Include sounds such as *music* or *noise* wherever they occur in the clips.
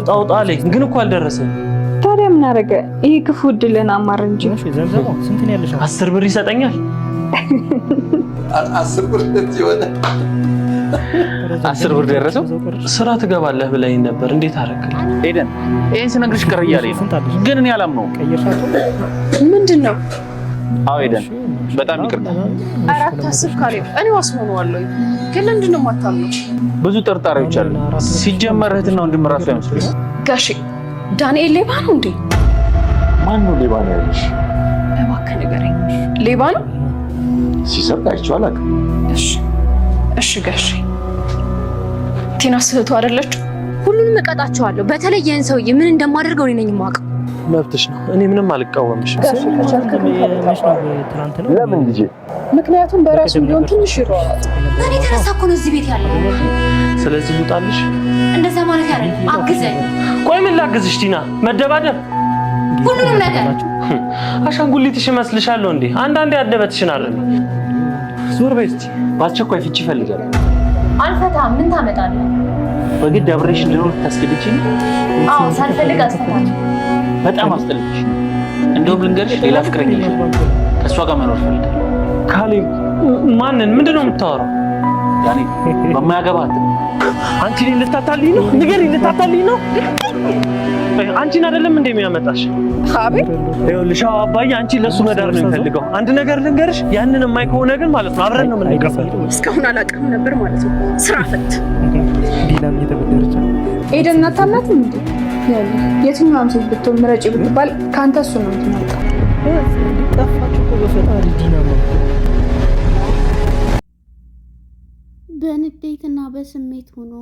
እጣው ጣለኝ፣ ግን እኮ አልደረሰኝ። ታዲያ ምን አደረገ? ይሄ ክፉ እድልን አማር እንጂ አስር ብር ይሰጠኛል። *laughs* አስር ብር ደረሰው። ስራ ትገባለህ ብለኸኝ ነበር፣ እንዴት አደረግልኝ? ሄደን ይህን ስነግርሽ ቀረ እያለኝ ግን እኔ አላምነውም። ምንድን ነው አዎ ሄደን በጣም ይቅርታ። ኧረ አታስብ ካሌብ፣ እኔ ዋስ ሆነዋለሁ። ግን ለምንድን ነው የማታምነው? ብዙ ጠርጣሪዎች አሉ። ሲጀመር እህትና ወንድም ራሱ አይመስሉም። ጋሼ ዳንኤል ሌባ ነው እንዴ? ማን ነው ሌባ ነው ያለሽ? እባክህ ንገረኝ። ሌባ ነው ሲሰርቅ አይቼው አላውቅም። እሺ እሺ ጋሼ፣ ቲና ስህቱ አይደለችም። ሁሉንም እቀጣቸዋለሁ። በተለይ ይህን ሰውዬ ምን እንደማደርገው እኔ ነኝ የማውቀው። መብትሽ ነው። እኔ ምንም አልቃወምሽ። ለምን ልጄ? ምክንያቱም በራሱ ቢሆን ትንሽ እኔ ተነሳ እኮ ነው እዚህ ቤት ያለው። ስለዚህ ልውጣልሽ። እንደዛ ማለት ያለ አግዘኝ። ቆይ ምን ላግዝሽ? ቲና መደባደብ ሁሉንም ነገር *laughs* አሻንጉሊትሽ እመስልሻለሁ እንዴ? አንዳንዴ አደበትሽን አለ። ዞር በይ እስኪ። በአስቸኳይ ፍቺ እፈልጋለሁ። አልፈታም። ምን ታመጣለህ? በግድ አብሬሽ እንድኖር ታስገድጂኝ? አዎ፣ ሳልፈልግ አትፈታም። በጣም አስጠልሽ። እንደውም ልንገርሽ፣ ሌላ ፍቅረኛ ከእሷ ጋር መኖር ፈልጋለሁ። ካሌብ ማንን? ምንድን ነው የምታወራው? ያኔ በማያገባት አንቺ ልታታልኝ ነው? ንገሪኝ፣ ልታታልኝ ነው? አንቺን አይደለም እንደ የሚያመጣሽ አቤት። ይኸውልሽ አባዬ አንቺ ለእሱ መዳር ነው የሚፈልገው። አንድ ነገር ልንገርሽ፣ ያንን የማይ ከሆነ ግን ማለት ነው አብረን ነው የምንቀፈል። እስካሁን አላውቅም ነበር ማለት ነው። ስራ ፈት ዲና እየተበደረች ኤደን እናታላት እንዴ ያለ የትኛውም ሴት ብትሆን ምረጭ ብትባል ከአንተ እሱ ነው የምትመርጠው። በንዴትና በስሜት ሆኖ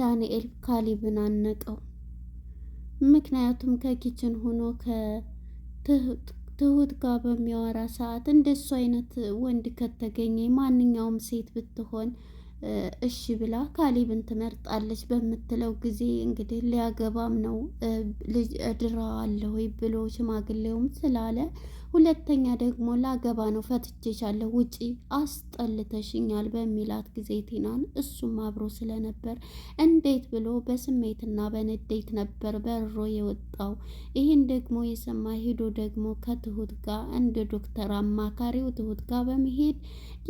ዳንኤል ካሊብን አነቀው። ምክንያቱም ከኪችን ሆኖ ከትሁት ጋር በሚያወራ ሰዓት እንደሱ አይነት ወንድ ከተገኘ ማንኛውም ሴት ብትሆን እሺ ብላ ካሊብን ትመርጣለች በምትለው ጊዜ እንግዲህ ሊያገባም ነው ልጅ እድረዋለሁ ብሎ ሽማግሌውም ስላለ ሁለተኛ ደግሞ ላገባ ነው ፈትቼሻለሁ፣ ውጪ አስጠልተሽኛል በሚላት ጊዜ ቲናን እሱም አብሮ ስለነበር እንዴት ብሎ በስሜትና በንዴት ነበር በሮ የወጣው። ይህን ደግሞ የሰማ ሄዶ ደግሞ ከትሁት ጋር እንደ ዶክተር አማካሪው ትሁት ጋር በመሄድ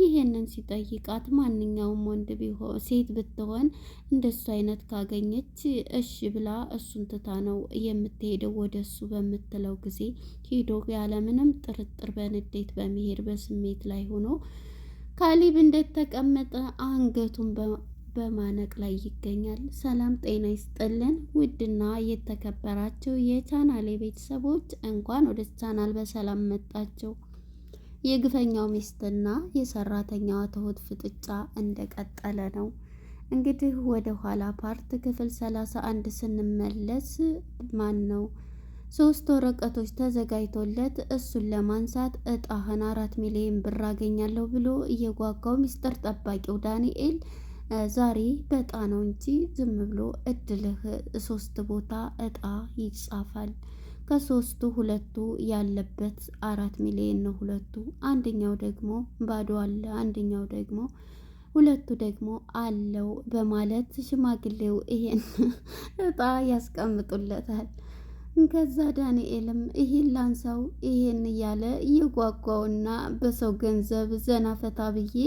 ይህንን ሲጠይቃት ማንኛውም ወንድ ቢሆን ሴት ብትሆን እንደሱ አይነት ካገኘች እሺ ብላ እሱን ትታ ነው የምትሄደው ወደ እሱ በምትለው ጊዜ ሄዶ ያለምንም ጥርጥር በንዴት በመሄድ በስሜት ላይ ሆኖ ካሊብ እንደተቀመጠ አንገቱን በማነቅ ላይ ይገኛል። ሰላም ጤና ይስጥልን ውድና የተከበራችሁ የቻናሌ ቤተሰቦች እንኳን ወደ ቻናል በሰላም መጣችሁ። የግፈኛው ሚስትና የሰራተኛዋ ትሁት ፍጥጫ እንደቀጠለ ነው። እንግዲህ ወደ ኋላ ፓርት ክፍል ሰላሳ አንድ ስንመለስ ማን ነው ሶስት ወረቀቶች ተዘጋጅቶለት እሱን ለማንሳት እጣህን አራት ሚሊዮን ብር አገኛለሁ ብሎ እየጓጓው ሚስጥር ጠባቂው ዳንኤል ዛሬ በጣ ነው እንጂ ዝም ብሎ እድልህ ሶስት ቦታ እጣ ይጻፋል። ከሶስቱ ሁለቱ ያለበት አራት ሚሊዮን ነው። ሁለቱ አንደኛው ደግሞ ባዶ አለ፣ አንደኛው ደግሞ ሁለቱ ደግሞ አለው በማለት ሽማግሌው ይሄን እጣ ያስቀምጡለታል። ከዛ ዳንኤልም ይሄን ላንሳው ይሄን እያለ እየጓጓውና በሰው ገንዘብ ዘና ፈታ ብዬ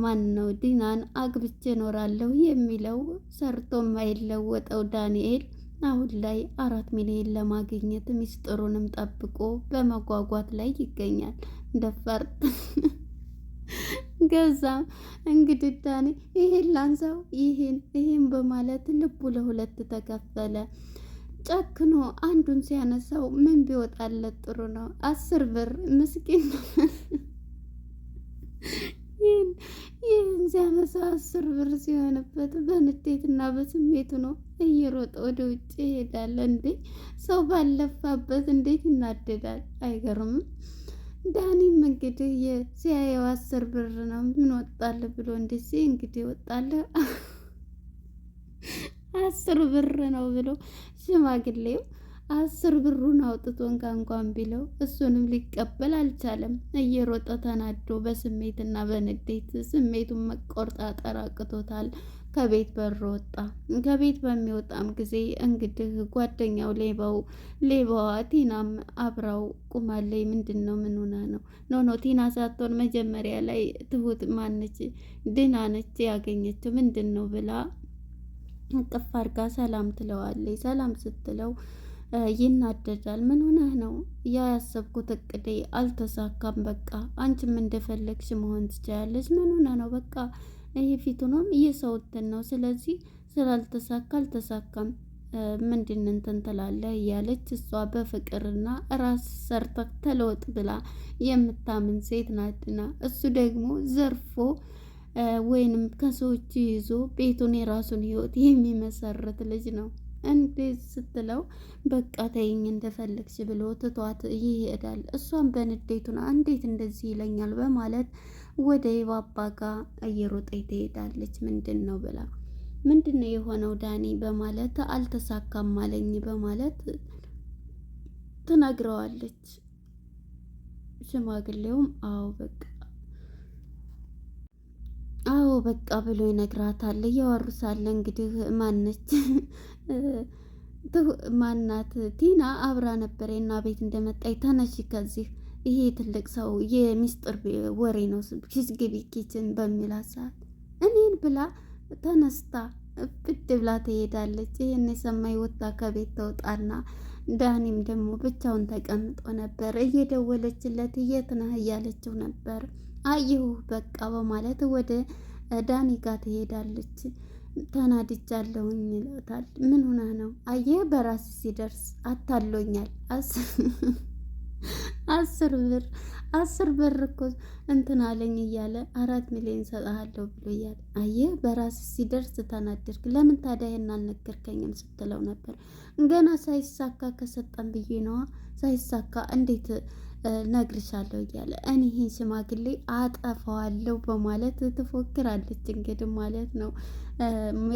ማን ነው ዲናን አግብቼ እኖራለሁ የሚለው ሰርቶ የማይለወጠው ዳንኤል አሁን ላይ አራት ሚሊዮን ለማግኘት ሚስጥሩንም ጠብቆ በመጓጓት ላይ ይገኛል። ደፈርት *laughs* ገዛ እንግዲህ ዳኔ ይሄን ላንሳው ይሄን ይሄን በማለት ልቡ ለሁለት ተከፈለ። ጨክኖ አንዱን ሲያነሳው ምን ቢወጣለት ጥሩ ነው? አስር ብር ምስኪን ይህን ይህን ሲያነሳው አስር ብር ሲሆንበት በንዴትና በስሜቱ ነው እየሮጠ ወደ ውጭ ይሄዳል። እንዴ ሰው ባለፋበት እንዴት ይናደዳል? አይገርምም? ዳኒም እንግዲህ የሲያየው አስር ብር ነው ምን ወጣለ ብሎ እንዴ ሲ እንግዲህ ወጣለ አስር ብር ነው ብሎ ሽማግሌው አስር ብሩን አውጥቶ እንኳን ቢለው እሱንም ሊቀበል አልቻለም። እየሮጠ ተናዶ በስሜትና በንዴት ስሜቱን መቆጣጠር አቅቶታል። ከቤት በር ወጣ። ከቤት በሚወጣም ጊዜ እንግዲህ ጓደኛው ሌባው ሌባዋ ቲናም አብራው ቁማለይ። ምንድን ነው ምን ሆና ነው? ኖ ኖ ቲና ሳትሆን መጀመሪያ ላይ ትሁት ማነች ድናነች ያገኘችው ምንድን ነው ብላ እቅፍ አድርጋ ሰላም ትለዋለች። ሰላም ስትለው ይናደዳል። ምን ሆነህ ነው? ያሰብኩት እቅዴ አልተሳካም። በቃ አንቺም እንደፈለግሽ መሆን ትችላለች። ምን ሆነህ ነው? በቃ ይህ ፊቱኖም እየሰው ነው። ስለዚህ ስላልተሳካ አልተሳካም ምንድን እንትን ትላለህ እያለች እሷ በፍቅርና ራስ ሰርተህ ተለወጥ ብላ የምታምን ሴት ናትና እሱ ደግሞ ዘርፎ ወይንም ከሰዎች ይዞ ቤቱን የራሱን ህይወት የሚመሰርት ልጅ ነው። እንዴት ስትለው በቃ ተይኝ እንደፈለግሽ ብሎ ትቷት ይሄዳል። እሷም በንዴቱና እንዴት እንደዚህ ይለኛል በማለት ወደ ይባባ ጋ እየሮጠ ትሄዳለች። ምንድን ነው ብላ ምንድን ነው የሆነው ዳኒ በማለት አልተሳካም አለኝ በማለት ትነግረዋለች። ሽማግሌውም አዎ በቃ አዎ በቃ ብሎ ይነግራታል። እያወሩ ሳለ እንግዲህ ማነች *laughs* ማናት ቲና አብራ ነበር እና ቤት እንደመጣች ተነሽ ከዚህ ይሄ ትልቅ ሰው የሚስጥር ወሬ ነው ኪች ግቢ ኪችን በሚላት ሰዓት እኔን ብላ ተነስታ ብድ ብላ ትሄዳለች። ይህን የሰማይ ወጣ ከቤት ተውጣና ዳኒም ደግሞ ብቻውን ተቀምጦ ነበር። እየደወለችለት የት ነህ እያለችው ነበር አየሁ በቃ በማለት ወደ ዳኒ ጋር ትሄዳለች። ተናድጃለሁኝ ይላታል። ምን ሆና ነው አየህ፣ በራስ ሲደርስ አታሎኛል። አስር ብር አስር ብር እኮ እንትን አለኝ እያለ አራት ሚሊዮን ሰጥሃለሁ ብሎ እያለ አየህ፣ በራስ ሲደርስ ተናደድክ። ለምን ታዲያ ይሄን አልነገርከኝም ስትለው ነበር። ገና ሳይሳካ ከሰጠን ብዬ ነዋ። ሳይሳካ እንዴት ነግርሻለሁ እያለ እኔ ይህን ሽማግሌ አጠፋዋለሁ በማለት ትፎክራለች። እንግዲህ ማለት ነው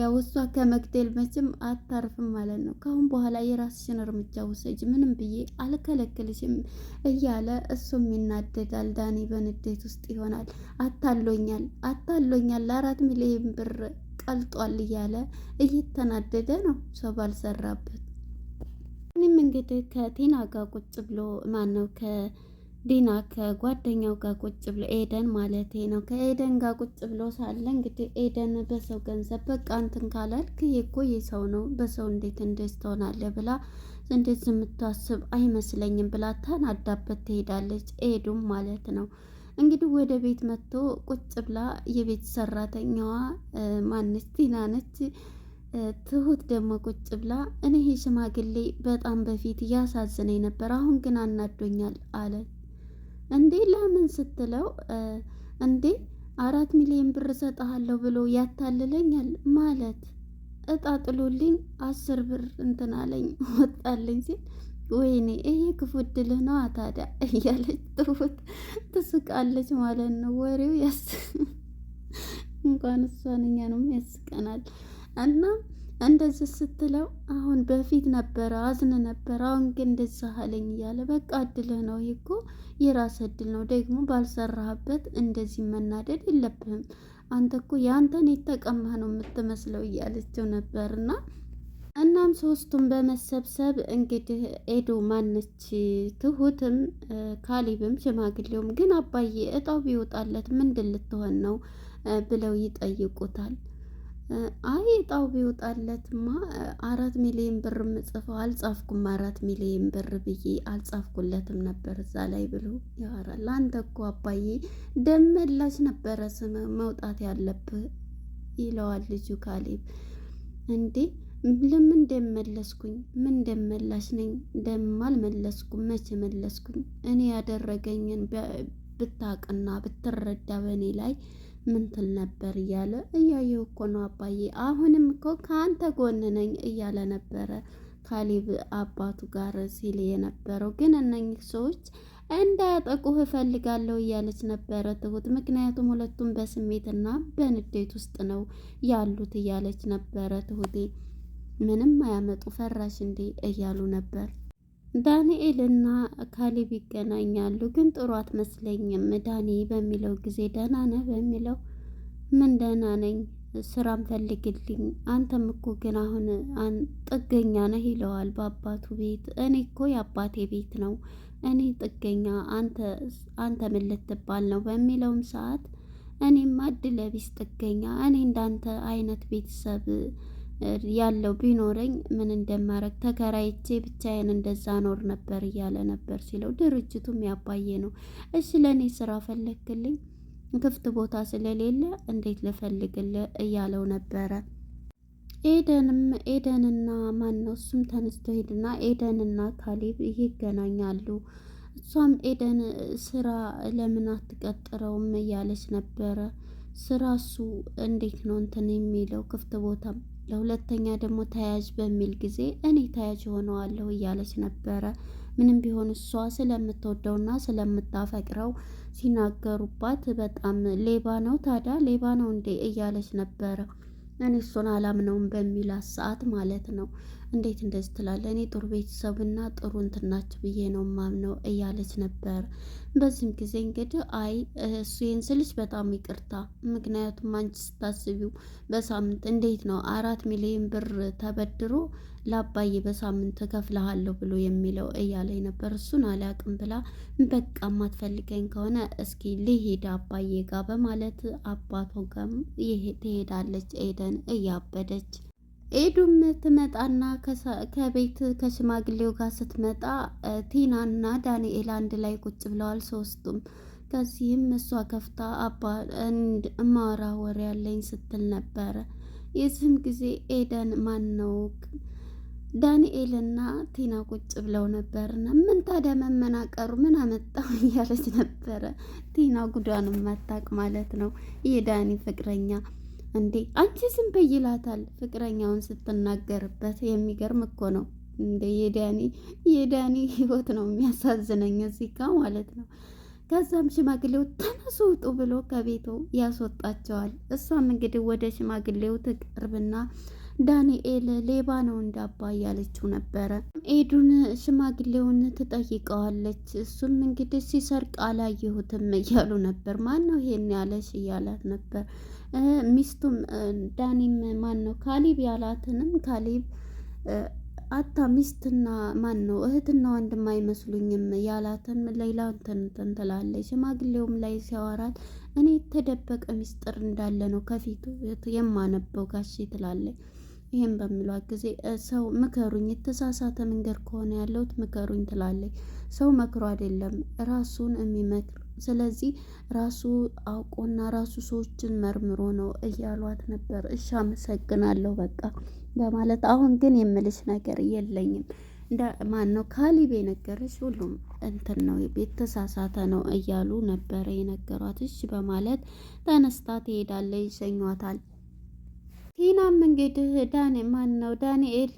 ያው እሷ ከመግደል መቼም አታርፍም ማለት ነው። ከአሁን በኋላ የራስሽን እርምጃ ውሰጅ፣ ምንም ብዬ አልከለክልሽም እያለ እሱም ይናደዳል። ዳኒ በንዴት ውስጥ ይሆናል። አታሎኛል፣ አታሎኛል ለአራት ሚሊዮን ብር ቀልጧል እያለ እየተናደደ ነው ሰው ባልሰራበት እኔም እንግዲህ ከቲና ጋር ቁጭ ብሎ ማን ነው ከዲና ከጓደኛው ጋር ቁጭ ብሎ ኤደን ማለት ነው ከኤደን ጋር ቁጭ ብሎ ሳለ እንግዲህ ኤደን በሰው ገንዘብ በቃ እንትን ካላልክ እኮ የሰው ነው በሰው እንዴት እንደዚህ ትሆናለህ ብላ እንዴት የምታስብ አይመስለኝም ብላ ታናዳበት ትሄዳለች። ኤዱም ማለት ነው እንግዲህ ወደ ቤት መጥቶ ቁጭ ብላ የቤት ሰራተኛዋ ማነች ቲና ነች ትሁት ደግሞ ቁጭ ብላ እኔ ይሄ ሽማግሌ በጣም በፊት እያሳዝነኝ ነበር፣ አሁን ግን አናዶኛል አለ። እንዴ ለምን ስትለው እንዴ አራት ሚሊዮን ብር እሰጥሃለሁ ብሎ ያታልለኛል ማለት እጣ ጥሎልኝ አስር ብር እንትን አለኝ *laughs* ወጣልኝ ሲል ወይኔ ይሄ ክፉ እድልህ ነዋ ታዲያ *laughs* እያለች ትሁት ትስቃለች ማለት ነው። ወሬው ያስ እንኳን እሷን እኛንም ያስቀናል። እና እንደዚህ ስትለው አሁን በፊት ነበረ አዝን ነበረ፣ አሁን ግን እንደዛ አለኝ እያለ በቃ እድልህ ነው ይሄ እኮ የራስ እድል ነው። ደግሞ ባልሰራህበት እንደዚህ መናደድ የለብህም። አንተ እኮ የአንተን የተቀማህ ነው የምትመስለው እያለችው ነበርና እናም ሶስቱም በመሰብሰብ እንግዲህ ኤዶ ማነች ትሁትም ካሊብም ሽማግሌውም ግን አባዬ እጣው ቢወጣለት ምንድን ልትሆን ነው ብለው ይጠይቁታል። አይ እጣው ቢወጣለትማ አራት ሚሊዮን ብር ምጽፈው አልጻፍኩም፣ አራት ሚሊዮን ብር ብዬ አልጻፍኩለትም ነበር እዛ ላይ ብሎ ያወራል። አንተ እኮ አባዬ ደም መላሽ ነበረ ስም መውጣት ያለብህ ይለዋል ልጁ ካሌብ። እንዴ ለምን እንደመለስኩኝ ምን ደም መላሽ ነኝ? ደም አልመለስኩም። መቼ መለስኩኝ? እኔ ያደረገኝን ብታቅና ብትረዳ በእኔ ላይ ምን ትል ነበር እያለ እያየው እኮ ነው አባዬ፣ አሁንም እኮ ከአንተ ጎን ነኝ እያለ ነበረ ካሌብ አባቱ ጋር ሲል የነበረው። ግን እነኝህ ሰዎች እንዳያጠቁህ እፈልጋለሁ እያለች ነበረ ትሁት። ምክንያቱም ሁለቱም በስሜትና በንዴት ውስጥ ነው ያሉት እያለች ነበረ ትሁቴ። ምንም አያመጡ ፈራሽ እንዴ እያሉ ነበር። ዳንኤል እና ካሌብ ይገናኛሉ። ግን ጥሩ አትመስለኝም ዳኒ በሚለው ጊዜ ደህና ነህ በሚለው ምን ደህና ነኝ፣ ስራም ፈልግልኝ። አንተም እኮ ግን አሁን ጥገኛ ነህ ይለዋል። በአባቱ ቤት እኔ እኮ የአባቴ ቤት ነው እኔ ጥገኛ አንተ ምን ልትባል ነው በሚለውም ሰዓት እኔም ለቢስ ጥገኛ እኔ እንዳንተ አይነት ቤተሰብ ያለው ቢኖረኝ ምን እንደማረግ ተከራይቼ ብቻዬን እንደዛ ኖር ነበር እያለ ነበር ሲለው፣ ድርጅቱም ያባዬ ነው። እሺ ለእኔ ስራ ፈለግክልኝ? ክፍት ቦታ ስለሌለ እንዴት ልፈልግልህ? እያለው ነበረ። ኤደንም ኤደንና ማን ነው እሱም ተነስቶ ሄድና ኤደንና ካሌብ ይገናኛሉ። እሷም ኤደን ስራ ለምን አትቀጥረውም እያለች ነበረ። ስራ እሱ እንዴት ነው እንትን የሚለው ክፍት ቦታም ለሁለተኛ ደግሞ ተያዥ በሚል ጊዜ እኔ ተያዥ ሆነዋለሁ እያለች ነበረ። ምንም ቢሆን እሷ ስለምትወደውና ስለምታፈቅረው ሲናገሩባት በጣም ሌባ ነው ታዲያ ሌባ ነው እንዴ እያለች ነበረ። እኔ እሱን አላምነውም በሚላት ሰዓት ማለት ነው። እንዴት እንደዚህ ትላለ? እኔ ጥሩ ቤተሰብና ጥሩ እንትናች ብዬ ነው ማምነው እያለች ነበር። በዚህም ጊዜ እንግዲህ አይ እሱ ይህን ስልሽ በጣም ይቅርታ፣ ምክንያቱም አንቺ ስታስቢው በሳምንት እንዴት ነው አራት ሚሊዮን ብር ተበድሮ ለአባዬ በሳምንት እከፍልሃለሁ ብሎ የሚለው እያለኝ ነበር። እሱን አላቅም ብላ በቃ ማትፈልገኝ ከሆነ እስኪ ልሄድ አባዬ ጋር በማለት አባቷ ጋም ትሄዳለች። ኤደን እያበደች ኤዱም ትመጣና ከቤት ከሽማግሌው ጋር ስትመጣ ቲናና ዳንኤል አንድ ላይ ቁጭ ብለዋል ሶስቱም። ከዚህም እሷ ከፍታ አባ እማወራ ወሬ ያለኝ ስትል ነበረ። የዚህም ጊዜ ኤደን ማን ነው ዳንኤልና ቲና ቁጭ ብለው ነበርና ምን ታዲያ መመናቀሩ ምን አመጣው *laughs* እያለች ነበረ። ቲና ጉዷን ማታቅ ማለት ነው። የዳኒ ፍቅረኛ እንዴ አንቺ ዝም በይ ይላታል። ፍቅረኛውን ስትናገርበት የሚገርም እኮ ነው። እንደ የዳኒ የዳኒ ህይወት ነው የሚያሳዝነኝ እዚህ ጋ ማለት ነው። ከዛም ሽማግሌው ተነሱ ውጡ ብሎ ከቤቱ ያስወጣቸዋል። እሷም እንግዲህ ወደ ሽማግሌው ትቅርብና ዳንኤል ሌባ ነው እንዳባ እያለችው ነበረ። ኤዱን ሽማግሌውን ትጠይቀዋለች። እሱም እንግዲህ ሲሰርቅ አላየሁትም እያሉ ነበር። ማን ነው ይሄን ያለሽ እያላት ነበር። ሚስቱም ዳኒም ማን ነው ካሊብ ያላትንም ካሊብ አታ ሚስትና ማን ነው እህትና ወንድም አይመስሉኝም ያላትን ሌላ እንትን ትላለች። ሽማግሌውም ላይ ሲያወራት እኔ የተደበቀ ሚስጥር እንዳለ ነው ከፊቱ የማነበው ጋሼ ትላለች። ይህም በሚሏት ጊዜ ሰው ምከሩኝ፣ የተሳሳተ መንገድ ከሆነ ያለሁት ምከሩኝ ትላለች። ሰው መክሮ አይደለም ራሱን የሚመክር ስለዚህ ራሱ አውቆና ራሱ ሰዎችን መርምሮ ነው እያሏት ነበር። እሺ አመሰግናለሁ በቃ በማለት አሁን ግን የምልሽ ነገር የለኝም እንደ ማን ነው ካሊብ የነገረች ሁሉም እንትን ነው የተሳሳተ ነው እያሉ ነበረ የነገሯት። እሺ በማለት ተነስታ ትሄዳለች፣ ይሸኟታል። ቲናም እንግዲህ ዳኔ ማን ነው ዳንኤል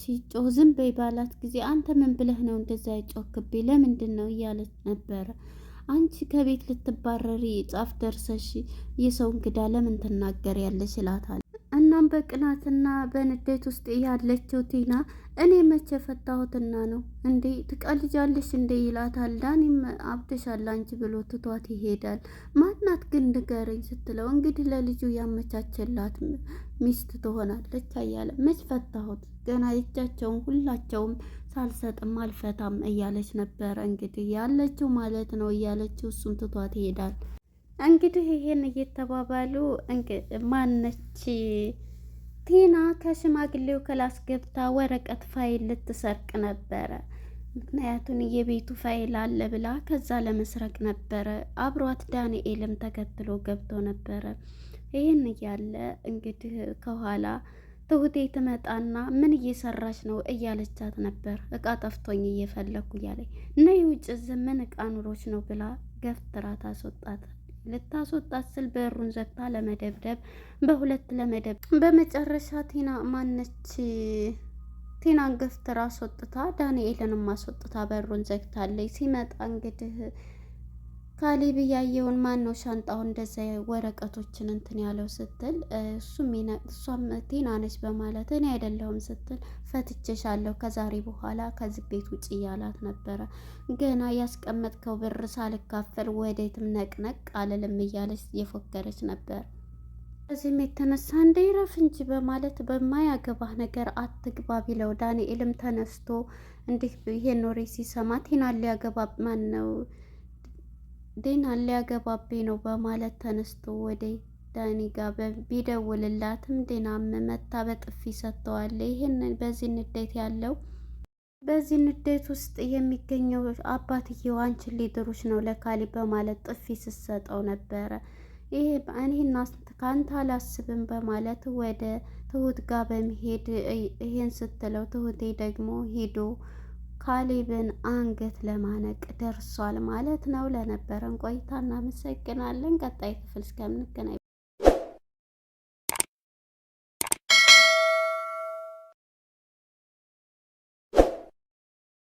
ሲጮህ ዝም በይ ባላት ጊዜ አንተ ምን ብለህ ነው እንደዛ ይጮህክብኝ ለምንድን ነው እያለች ነበረ። አንቺ ከቤት ልትባረሪ ጻፍ ደርሰሽ የሰው እንግዳ ለምን ትናገሪያለሽ? ይላታል በጣም በቅናትና በንዴት ውስጥ ያለችው ቲና እኔ መቼ ፈታሁትና ነው እንዴ ትቀልጃለሽ እንዴ ይላታል። ዳኒም አብደሻል አንቺ ብሎ ትቷት ይሄዳል። ማናት ግን ንገረኝ ስትለው እንግዲህ ለልጁ ያመቻቸላት ሚስት ትሆናለች እያለ መች ፈታሁት ገና እጃቸውን ሁላቸውም ሳልሰጥም አልፈታም እያለች ነበረ እንግዲህ ያለችው ማለት ነው እያለችው እሱም ትቷት ይሄዳል። እንግዲህ ይሄን እየተባባሉ ማነች ቲና ከሽማግሌው ክላስ ገብታ ወረቀት ፋይል ልትሰርቅ ነበረ። ምክንያቱን የቤቱ ፋይል አለ ብላ ከዛ ለመስረቅ ነበረ። አብሯት ዳንኤልም ተከትሎ ገብቶ ነበረ። ይህን እያለ እንግዲህ ከኋላ ትሁቴ ትመጣና ምን እየሰራች ነው እያለቻት ነበር። እቃ ጠፍቶኝ እየፈለግኩ እያለኝ እና የውጭ ዝምን እቃ ኑሮች ነው ብላ ገፍትራ ታስወጣት። ልታስወጣት ስል በሩን ዘግታ ለመደብደብ በሁለት ለመደብ በመጨረሻ ቲና ማነች ቲናን ገፍትራ አስወጥታ ዳንኤልንም አስወጥታ በሩን ዘግታለች። ሲመጣ እንግዲህ ካሌብ ያየውን ማን ነው ሻንጣውን እንደዛ ወረቀቶችን እንትን ያለው ስትል እሷም ቲና ነች በማለት እኔ አይደለሁም ስትል ፈትቼሻለሁ፣ ከዛሬ በኋላ ከዚህ ቤት ውጭ እያላት ነበረ። ገና ያስቀመጥከው ብር ሳልካፈል ወዴትም ነቅነቅ አልልም እያለች እየፎከረች ነበር። ከዚህም የተነሳ እንደ ይረፍ እንጂ በማለት በማያገባህ ነገር አትግባ ቢለው ዳንኤልም ተነስቶ እንዲህ ይሄን ኖሬ ሲሰማ ቲና ሊያገባ ማን ነው ዴና ሊያገባብኝ ነው በማለት ተነስቶ ወደ ዳኒ ጋር ቢደውልላትም ዴና መታ በጥፊ ሰጥተዋል። ይህን በዚህ ንዴት ያለው በዚህ ንዴት ውስጥ የሚገኘው አባትየው አንቺን ሊድሩሽ ነው ለካሊ በማለት ጥፊ ስትሰጠው ነበረ። ይሄ እኔና ከአንተ አላስብም በማለት ወደ ትሁት ጋር በመሄድ ይህን ስትለው ትሁቴ ደግሞ ሂዶ ካሌብን አንገት ለማነቅ ደርሷል ማለት ነው። ለነበረን ቆይታ እናመሰግናለን። ቀጣይ ክፍል እስከምንገናኝ